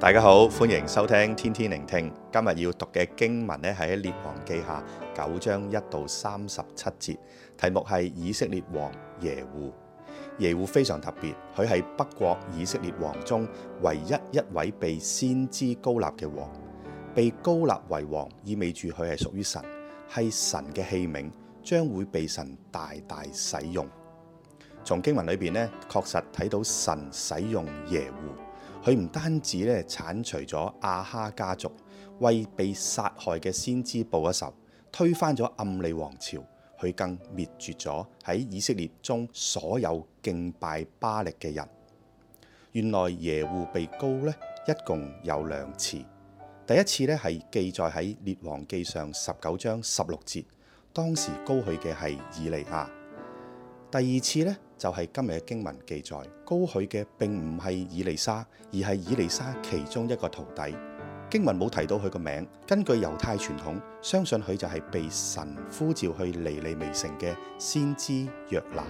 大家好，歡迎收聽天天靈聽。今日要讀嘅經文呢，係喺列王記下九章一到三十七節，題目係以色列王耶戶。耶戶非常特別，佢係北國以色列王中唯一一位被先知膏立嘅王。被膏立為王，意味住佢係屬於神，係神嘅器皿，將會被神大大使用。從經文裏邊呢，確實睇到神使用耶戶。佢唔單止咧剷除咗亞哈家族，為被殺害嘅先知報咗仇，推翻咗暗利王朝，佢更滅絕咗喺以色列中所有敬拜巴力嘅人。原來耶戶被膏咧一共有兩次，第一次咧係記載喺列王記上十九章十六節，當時膏佢嘅係以利亞。第二次咧。就係今日嘅經文記載，膏佢嘅並唔係以利沙，而係以利沙其中一個徒弟。經文冇提到佢個名，根據猶太傳統，相信佢就係被神呼召去尼尼微城嘅先知約拿。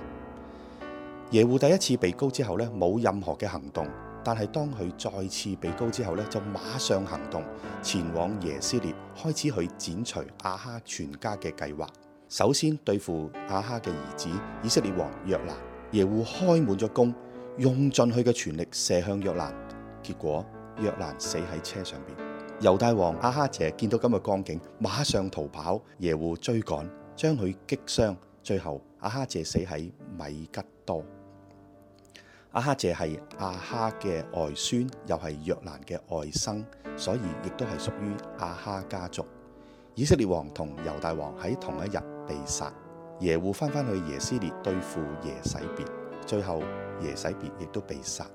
耶戶第一次被膏之後呢，冇任何嘅行動，但係當佢再次被膏之後呢，就馬上行動，前往耶斯列，開始去剪除亞哈全家嘅計劃。首先，對付亞哈嘅兒子以色列王約蘭。耶戶開滿咗弓，用盡佢嘅全力射向約蘭，結果約蘭死喺車上邊。猶大王亞哈謝見到噉個光景，馬上逃跑，耶戶追趕，將佢擊傷，最後亞哈謝死喺米吉多。亞哈謝係亞哈嘅外孫，又係約蘭嘅外甥，所以亦都係屬於亞哈家族。以色列王同猶大王喺同一日被殺。耶戶返返去耶斯列對付耶洗別，最後耶洗別亦都被殺。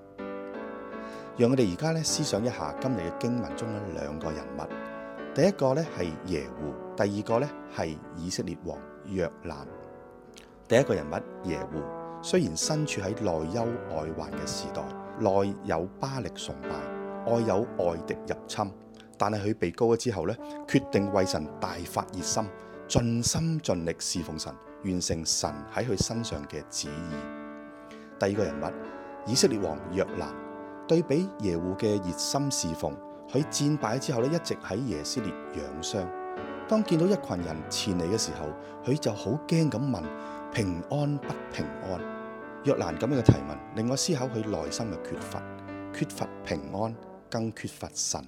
讓我哋而家咧思想一下今日嘅經文中嘅兩個人物，第一個咧係耶戶，第二個咧係以色列王約蘭。第一個人物耶戶，雖然身處喺內憂外患嘅時代，內有巴力崇拜，外有外敵入侵，但係佢被膏咗之後咧，決定為神大發熱心，盡心盡力侍奉神。完成神喺佢身上嘅旨意。第二個人物，以色列王約蘭，對比耶戶嘅熱心侍奉，佢戰敗之後咧，一直喺耶斯列養傷。當見到一群人前嚟嘅時候，佢就好驚咁問，平安不平安？約蘭咁樣嘅提問令我思考佢內心嘅缺乏，缺乏平安，更缺乏神。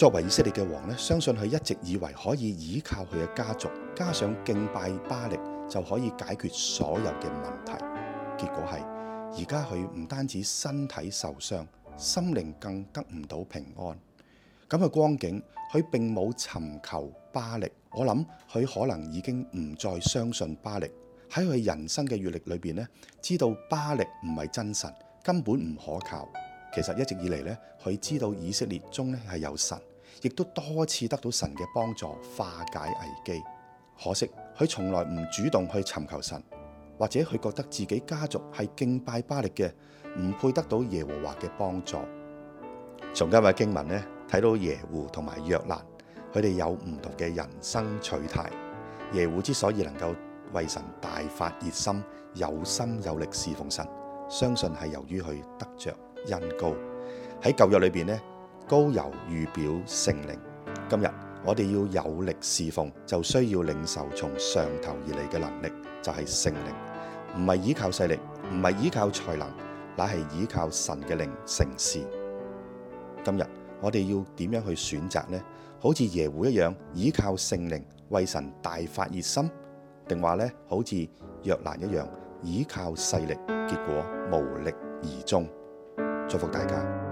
作為以色列嘅王咧，相信佢一直以為可以依靠佢嘅家族，加上敬拜巴力，就可以解決所有嘅問題。結果係而家佢唔單止身體受傷，心靈更得唔到平安。咁嘅光景，佢並冇尋求巴力。我諗佢可能已經唔再相信巴力。喺佢人生嘅閱歷裏邊咧，知道巴力唔係真神，根本唔可靠。其實一直以嚟咧，佢知道以色列中咧係有神。亦都多次得到神嘅幫助化解危機，可惜佢從來唔主動去尋求神，或者佢覺得自己家族係敬拜巴力嘅，唔配得到耶和華嘅幫助。從今日經文呢，睇到耶戶同埋約蘭，佢哋有唔同嘅人生取態。耶戶之所以能夠為神大發熱心，有心有力侍奉神，相信係由於佢得着恩高膏。喺舊約裏邊呢。膏油預表聖靈，今日我哋要有力侍奉，就需要領受從上頭而嚟嘅能力，就係、是、聖靈，唔係依靠勢力，唔係依靠才能，乃係依靠神嘅靈成事。今日我哋要點樣去選擇呢？好似耶戶一樣依靠聖靈為神大發熱心，定話呢，好似約蘭一樣依靠勢力，結果無力而終。祝福大家。